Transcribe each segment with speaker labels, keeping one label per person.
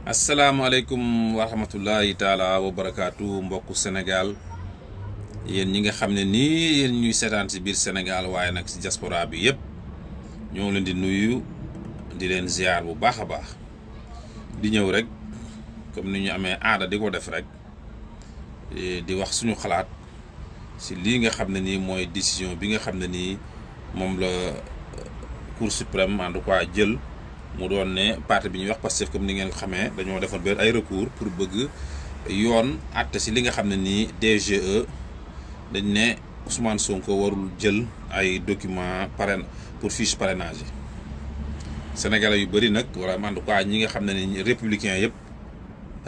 Speaker 1: Assalamualaikum warahmatullahi taala wabarakatuh. barakaatu Senegal. yen yéen ñi nga xamne ni yen ñuy seetaan ci biir senegal waye nak ci diaspora bi ñoo leen di nuyu di leen ziar bu baax baax di ñew rek comme ni ñu amé aada diko def rek e, di wax suñu xalaat ci li nga xamne ni moy décision bi nga xamne ni mom la Cour suprême en tout cas mu doon ne parti bi ñuy wax Pastef comme ni ngeen ko xamee dañoo defoon benn ay recours pour bëgg yoon àtte si li nga xam ne nii DGE dañ ne Ousmane Sonko warul jël ay documents parrain pour fiche parrainage yi yu bëri nag wala en tout ñi nga xam ne ni républicain yëpp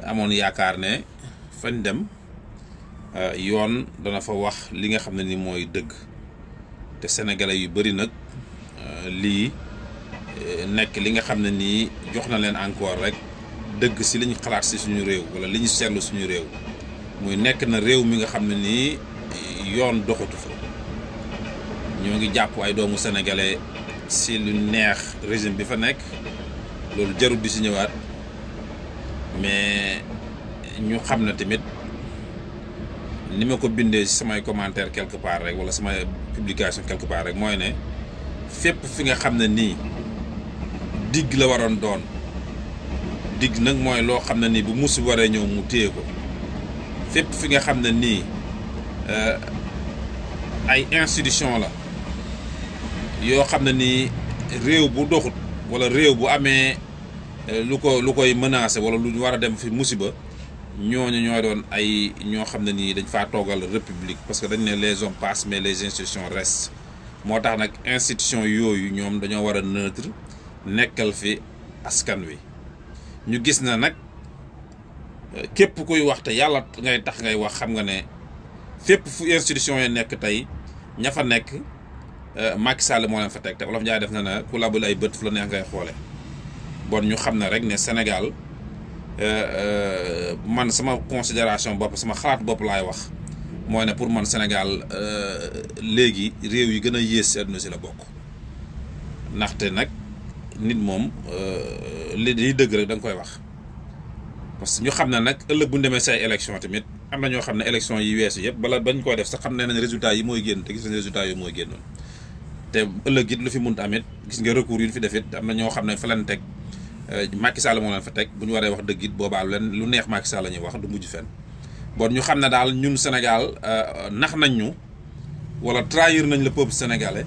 Speaker 1: amoon yaakaar ne fañ dem euh, yoon dana fa wax li nga xam ne ni mooy dëgg te sénégalais yu bëri nag euh, lii. nekk li nga xam ne nii jox na leen encore rek dëgg si li xalaat si suñu réew wala li ñu seetlu suñu réew muy nekk na réew mi nga xam ne nii yoon doxatu fa ñoo ngi jàpp ay doomu sénégalais si lu neex régime bi fa nekk loolu jarut di si ñëwaat mais ñu xam ne tamit ni ma ko bindee samay commentaire quelque part rek wala samay publication quelque part rek mooy ne fépp fi nga xam ne nii. digg la waroon doon digg nag mooy loo xam ne nii bu musi waree ñëw mu téye ko fépp fi nga xam ne nii euh, ay institution la yoo xam ne nii réew bu doxut wala réew bu amee euh, lu ko lu koy menacé wala lu war a dem fi musiba ñooñu ñoo doon ay ñoo xam ne nii dañ faa toogal république parce que dañ ne les hommes passent mais les institutions restent moo tax nag institution yooyu ñoom dañoo war a neutre nekkal fi askan wi ñu gis na nag euh, képp kuy wax te yàlla ngay tax ngay wax xam nga ne fépp fu institution yi nekk tey ña fa nekk euh, Macky Sall moo leen fa teg te Olof Njaay def na ne ku labul ay bët fu la neex ngay xoole bon ñu xam ne rek ne Sénégal euh, man sama considération bopp sama xalaat bopp laay wax mooy ne pour man Sénégal léegi réew yi gën a yées si àdduna si la bokk ndaxte nag nit moom euh, li di dëgg rek da nga koy wax parce que ñu xam ne nag ëllëg bu ñu demee say élection tamit am na ñoo xam ne élection yi weesu yëpp bala bañ koo def sa xam ne nañ résultat yi mooy génn te gis nañ résultat yi te ëllëg it lu fi mënut amit gis nga recours yu ñu fi def am na ñoo xam ne fa leen teg euh, Macky Sall leen fa teg bu ñu waree wax dëgg it boobaa leen lu neex Macky Sall la ñuy wax du mujj fenn bon ñu xam ne daal ñun senegal euh, nax nañ ñu wala trahir nañ le peuple sénégalais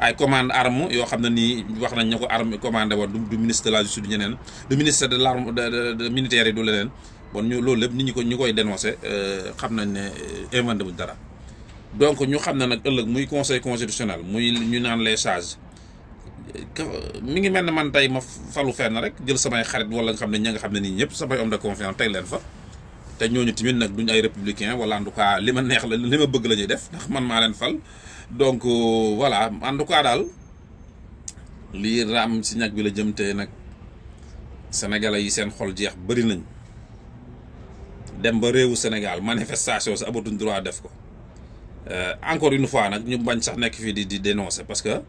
Speaker 1: ay commande arme yoo xam ne nii wax nañ ña ko arme commandé woon du ministre de la justice du ñeneen du ministre de l'arme de militaire yi du leneen bon ñu loolu lépp nit ñi ko ñu koy dénoncé euh, xam nañ ne euh, inventé buñ dara donc ñu xam ne nag ëllëg muy conseil constitutionnel muy ñu naan les sages mu ngi mel ne man tey ma falu fenn rek jël samay xarit wala nga xam ne ña nga xam ne nii ñëpp samay homme de confiance teg leen fa te ñooñu tamit nag duñ ay républicain wala en tout cas li ma neex la li ma bëgg la ñuy def man maa leen fal donc euh, voilà en tout cas dal li ram ci ñak bi la jëm te nag sénégalais yi seen xol jeex bari nañ dem ba réewu Sénégal manifestation sa abatu droit def ko euh, encore une fois nak ñu bañ sax nek fi di dénoncer parce que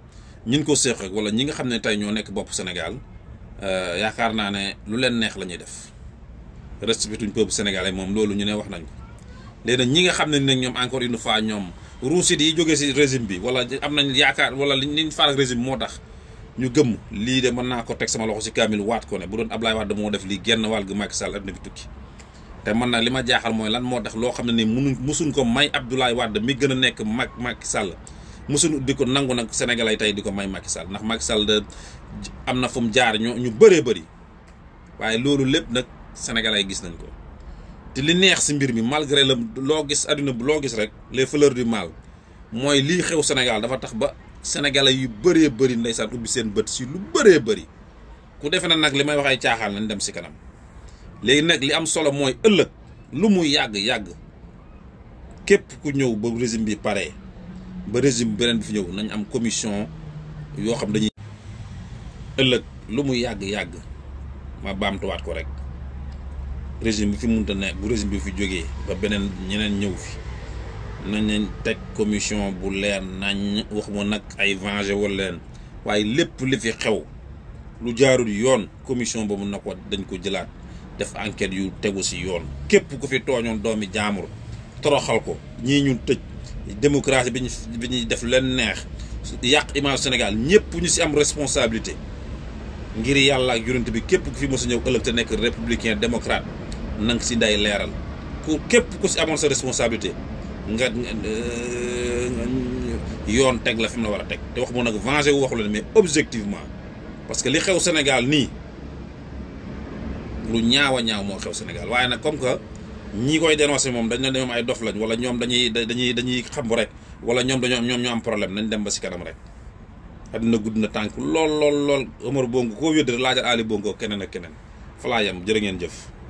Speaker 1: ñin ko xex wala ñi nga xamné tay ño nek bop sénégal euh yaakar na ne lu leen neex lañuy def respectuñ peuple sénégalais mom lolu ñu ne wax nañ ko léna ñi nga xamné nak ñom encore une fois ñom ruusit yi jógee si régime bi wala am nañ yaakaar wala liñ faral ak régime moo tax ñu gëmm lii de mën naa ko teg sama loxo si kaamil waat ko ne bu doon Ablaye Wade moo def lii genn wàll gu Macky Sall adduna bi tukki te mën nag li ma jaaxal mooy lan moo tax loo xam ne ni munuñ musuñ ko may Abdoulaye Wade mi gën a nekk mag Macky Sall musuñ di ko nangu nag Sénégalais tey di ko may Macky Sall ndax Macky Sall de am na fu mu jaar ñu ñu bëree bëri waaye loolu lépp nag Sénégalais gis nañ ko te li neex si mbir mi malgré la loo gis àdduna bu loo gis rek les fleurs du mal mooy lii xew Sénégal dafa tax ba sénégalais yu bëree bëri ndeysaan bi seen bët si lu baree bari ku defe na nag li may wax ay caaxaan lañ dem si kanam léegi nag li am solo mooy ëllëg lu mu yàgg-yàgg képp ku ñëw ba régime bi pare ba régime beneen fi ñëw nañ am commission yoo xam dañuy ëllëg lu mu yàgg-yàgg ma baamtuwaat ko rek régime bi fi munta ne bu régime bi fi jógee ba beneen ñeneen ñëw fi nañ leen teg commission bu leer nañ wax ma nag ay venger wala leen waaye lépp li fi xew lu jaarul yoon commission boobu na ko dañ ko jëlaat def enquête yu tegu si yoon képp ku fi tooñoon doomi jaamur toroxal ko ñii ñu tëj démocratie bi ñu bi def leen neex yàq image Sénégal ñëpp ñu si am responsabilité ngir yàlla ak yonent bi képp ku fi mos a ñëw ëllëg te nekk républicain démocrate nank si day leeral ku képp ku si amoon sa responsabilité nga euh, yoon teg la fi mu la war a teg te wax moo nag vengé wu waxu la mais objectivement parce que li xew Sénégal nii lu ñaaw a ñaaw moo xew Sénégal waaye nag comme que ñi koy dénoncé moom dañ ne ñoom ay dof lañ wala ñoom dañuy dañuy dañuy xam rek wala ñoom dañoo ñoom ñoo am problème nañ dem ba si kanam rek. àddina gudd na tànk lool lool lool Omar Bongo koo wédd laajal Ali Bongo keneen ak keneen falaayam jërë ngeen jëf.